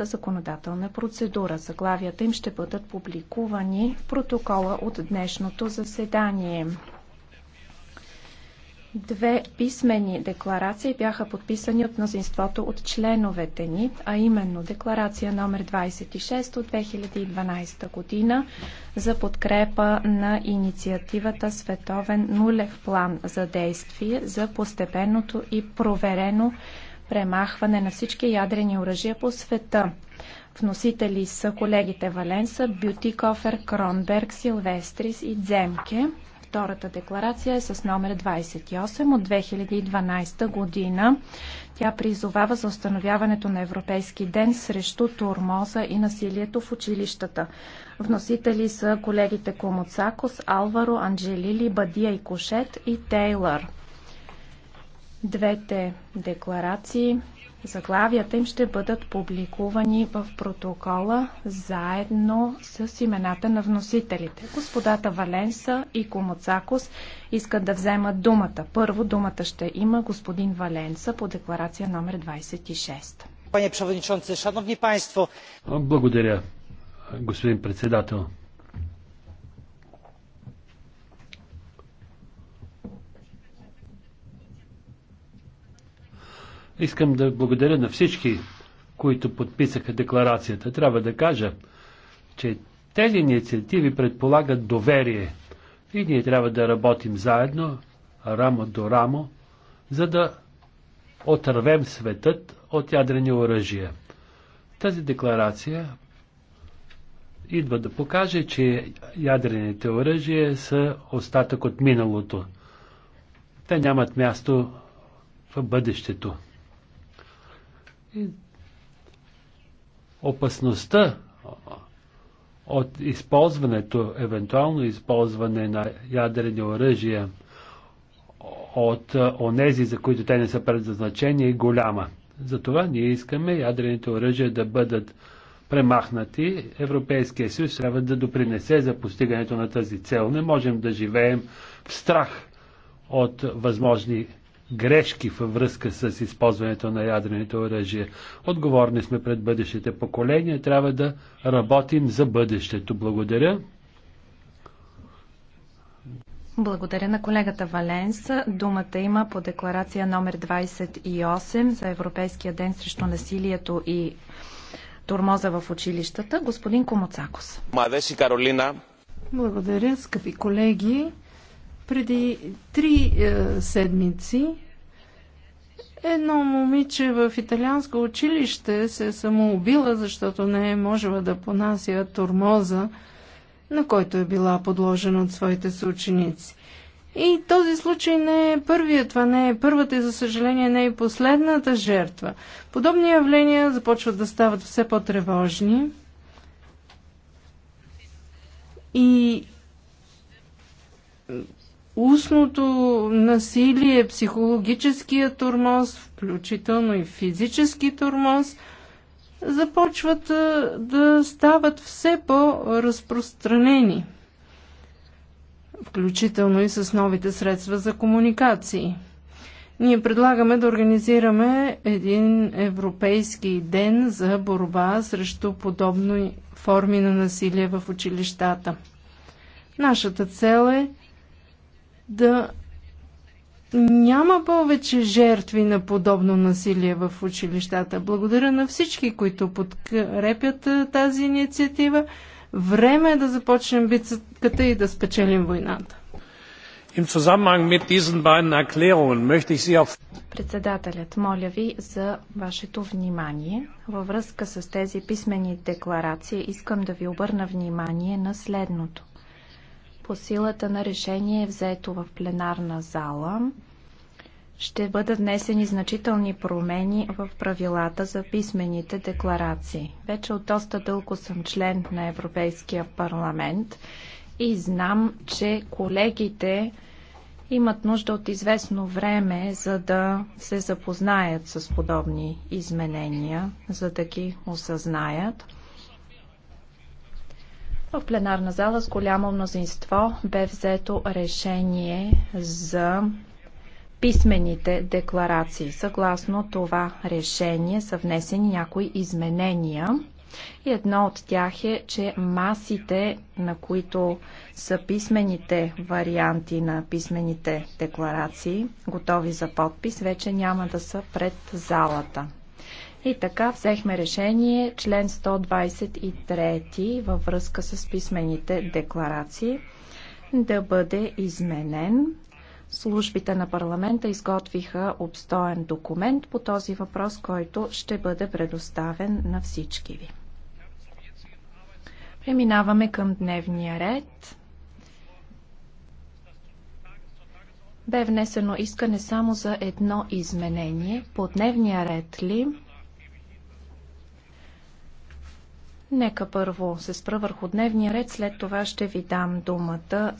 общата законодателна процедура. Заглавията им ще бъдат публикувани в протокола от днешното заседание. Две писмени декларации бяха подписани от мнозинството от членовете ни, а именно декларация номер 26 от 2012 година за подкрепа на инициативата Световен нулев план за действие за постепенното и проверено премахване на всички ядрени оръжия по света. Вносители са колегите Валенса, Бютикофер, Кронберг, Силвестрис и Дземке. Втората декларация е с номер 28 от 2012 година. Тя призовава за установяването на Европейски ден срещу турмоза и насилието в училищата. Вносители са колегите Комоцакос, Алваро, Анджелили, Бадия и Кошет и Тейлър. Двете декларации, заглавията им ще бъдат публикувани в протокола заедно с имената на вносителите. Господата Валенса и Комоцакос искат да вземат думата. Първо думата ще има господин Валенса по декларация номер 26. Пане Шановни Благодаря, господин председател. Искам да благодаря на всички, които подписаха декларацията. Трябва да кажа, че тези инициативи предполагат доверие и ние трябва да работим заедно, рамо до рамо, за да отървем светът от ядрени оръжия. Тази декларация идва да покаже, че ядрените оръжия са остатък от миналото. Те нямат място в бъдещето опасността от използването, евентуално използване на ядрени оръжия от онези, за които те не са предназначени, е голяма. Затова ние искаме ядрените оръжия да бъдат премахнати. Европейския съюз трябва да допринесе за постигането на тази цел. Не можем да живеем в страх от възможни грешки във връзка с използването на ядрените оръжия. Отговорни сме пред бъдещите поколения. Трябва да работим за бъдещето. Благодаря. Благодаря на колегата Валенс. Думата има по декларация номер 28 за Европейския ден срещу насилието и турмоза в училищата. Господин Комоцакос. Благодаря, скъпи колеги. Преди три е, седмици едно момиче в италианско училище се е самоубила, защото не е можела да понася тормоза, на който е била подложена от своите съученици. И този случай не е първият, това не е първата и за съжаление не е последната жертва. Подобни явления започват да стават все по-тревожни. И устното насилие, психологическия тормоз, включително и физически тормоз, започват да стават все по-разпространени, включително и с новите средства за комуникации. Ние предлагаме да организираме един европейски ден за борба срещу подобни форми на насилие в училищата. Нашата цел е да няма повече жертви на подобно насилие в училищата. Благодаря на всички, които подкрепят тази инициатива. Време е да започнем битката и да спечелим войната. Председателят, моля ви за вашето внимание. Във връзка с тези писмени декларации искам да ви обърна внимание на следното по силата на решение взето в пленарна зала ще бъдат внесени значителни промени в правилата за писмените декларации. Вече от доста дълго съм член на Европейския парламент и знам, че колегите имат нужда от известно време, за да се запознаят с подобни изменения, за да ги осъзнаят. В пленарна зала с голямо мнозинство бе взето решение за писмените декларации. Съгласно това решение са внесени някои изменения. И едно от тях е, че масите, на които са писмените варианти на писмените декларации, готови за подпис, вече няма да са пред залата. И така взехме решение член 123 във връзка с писмените декларации да бъде изменен. Службите на парламента изготвиха обстоен документ по този въпрос, който ще бъде предоставен на всички ви. Преминаваме към дневния ред. Бе внесено искане само за едно изменение. По дневния ред ли? Нека първо се спра върху дневния ред, след това ще ви дам думата.